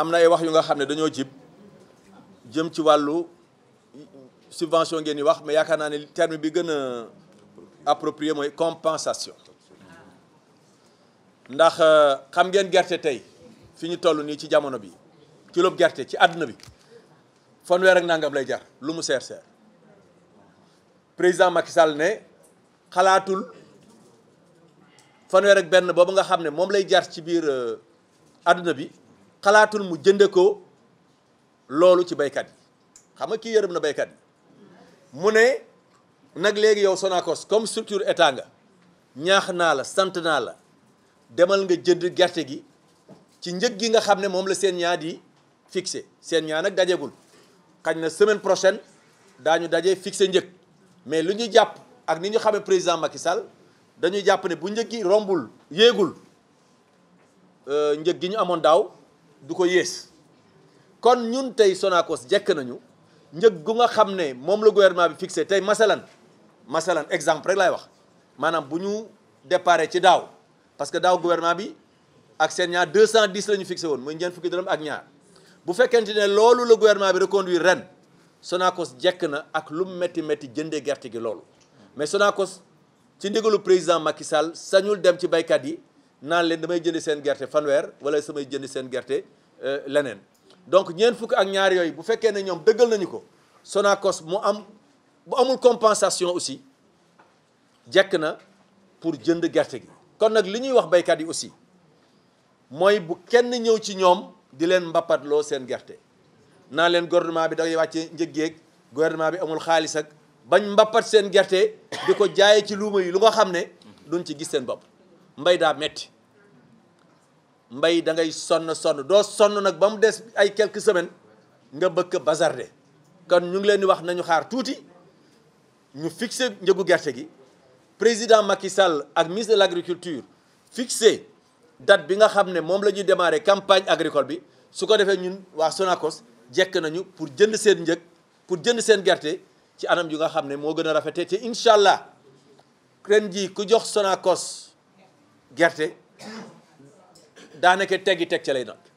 am na ay wax yu nga xam ne dañoo jib jëm ci wàllu subvention ngeen di wax mais yaakaar naa ne terme bi gën a approprié mooy compensation ndax euh, xam ngeen gerte tey fi ñu toll nii ci jamono bi kilo gerte ci àdduna bi fanweer ak nangam lay jar lu mu seer seer président Macky Sall ne xalaatul fanweer ak benn boobu nga xam ne moom lay jar ci biir euh, àdduna bi. xalaatul mu jënde ko loolu ci baykat yi xam nga kii yërëm na baykat yi mu ne nag léegi yow Sonacos comme structure état nga ñaax naa la sant naa la demal nga jënd gerte gi ci njëg gi nga xam ne moom la seen yaa di fixé seen ñaa nag dajegul xañ na semaine prochaine daañu daje fixé njëg mais lu ñu jàpp ak ni ñu xamee président Macky Sall dañuy jàpp ne bu njëg gi rombul yéegul euh, njëg gi ñu amoon daaw du ko yées kon ñun tey Sonacos jekk nañu njëg gu nga xam ne moom la gouvernement bi fixé tey masalan masalan exemple rek laay wax maanaam bu ñu déparé ci daaw parce que daaw gouvernement bi ak seen ñaar 210 la ñu fixé woon mooy ñeent fukki daram ak ñaar bu fekkente ne loolu la gouvernement bi reconduire ren Sonacos jekk na ak lu métti métti jëndee gerte gi loolu mais Sonacos ci ndigalu président Macky Sall sañul dem ci baykat yi. naan leen damay jënd seen gerte fanweer wala samay jënd seen gerte euh, leneen donc ñeent fukk ak ñaar yooyu bu fekkee ne ñoom dëggal nañu ko Sonacos mu am bu amul compensation aussi jekk na pour jënd gerte gi kon nag li ñuy wax baykat yi aussi mooy bu kenn ñëw ci ñoom di leen mbappatloo seen gerte naan leen gouvernement bi dangay wàcce njëg yeeg gouvernement bi amul xaalis ak bañ mbappat seen gerte di ko jaayee ci luuma yi lu nga xam ne duñ ci gis seen bopp mbay daa metti mbay da ngay sonn sonn doo sonn nag ba mu des ay quelque semaines nga bëgg bazarde kon ñu ngi leen di wax nañu xaar tuuti ñu fixé njëgu gerte gi président Macky Sall ak ministre de l'agriculture fixé date bi nga xam ne moom la ñuy démarrer campagne agricole bi su ko defee ñun wax Sonacos jekk nañu pour jënd seen njëg pour jënd seen gerte ci anam yu nga xam ne moo gën a rafetee ci incha allah ren jii ku jox Sonacos. gerte daanaka teggi teg ci lay doon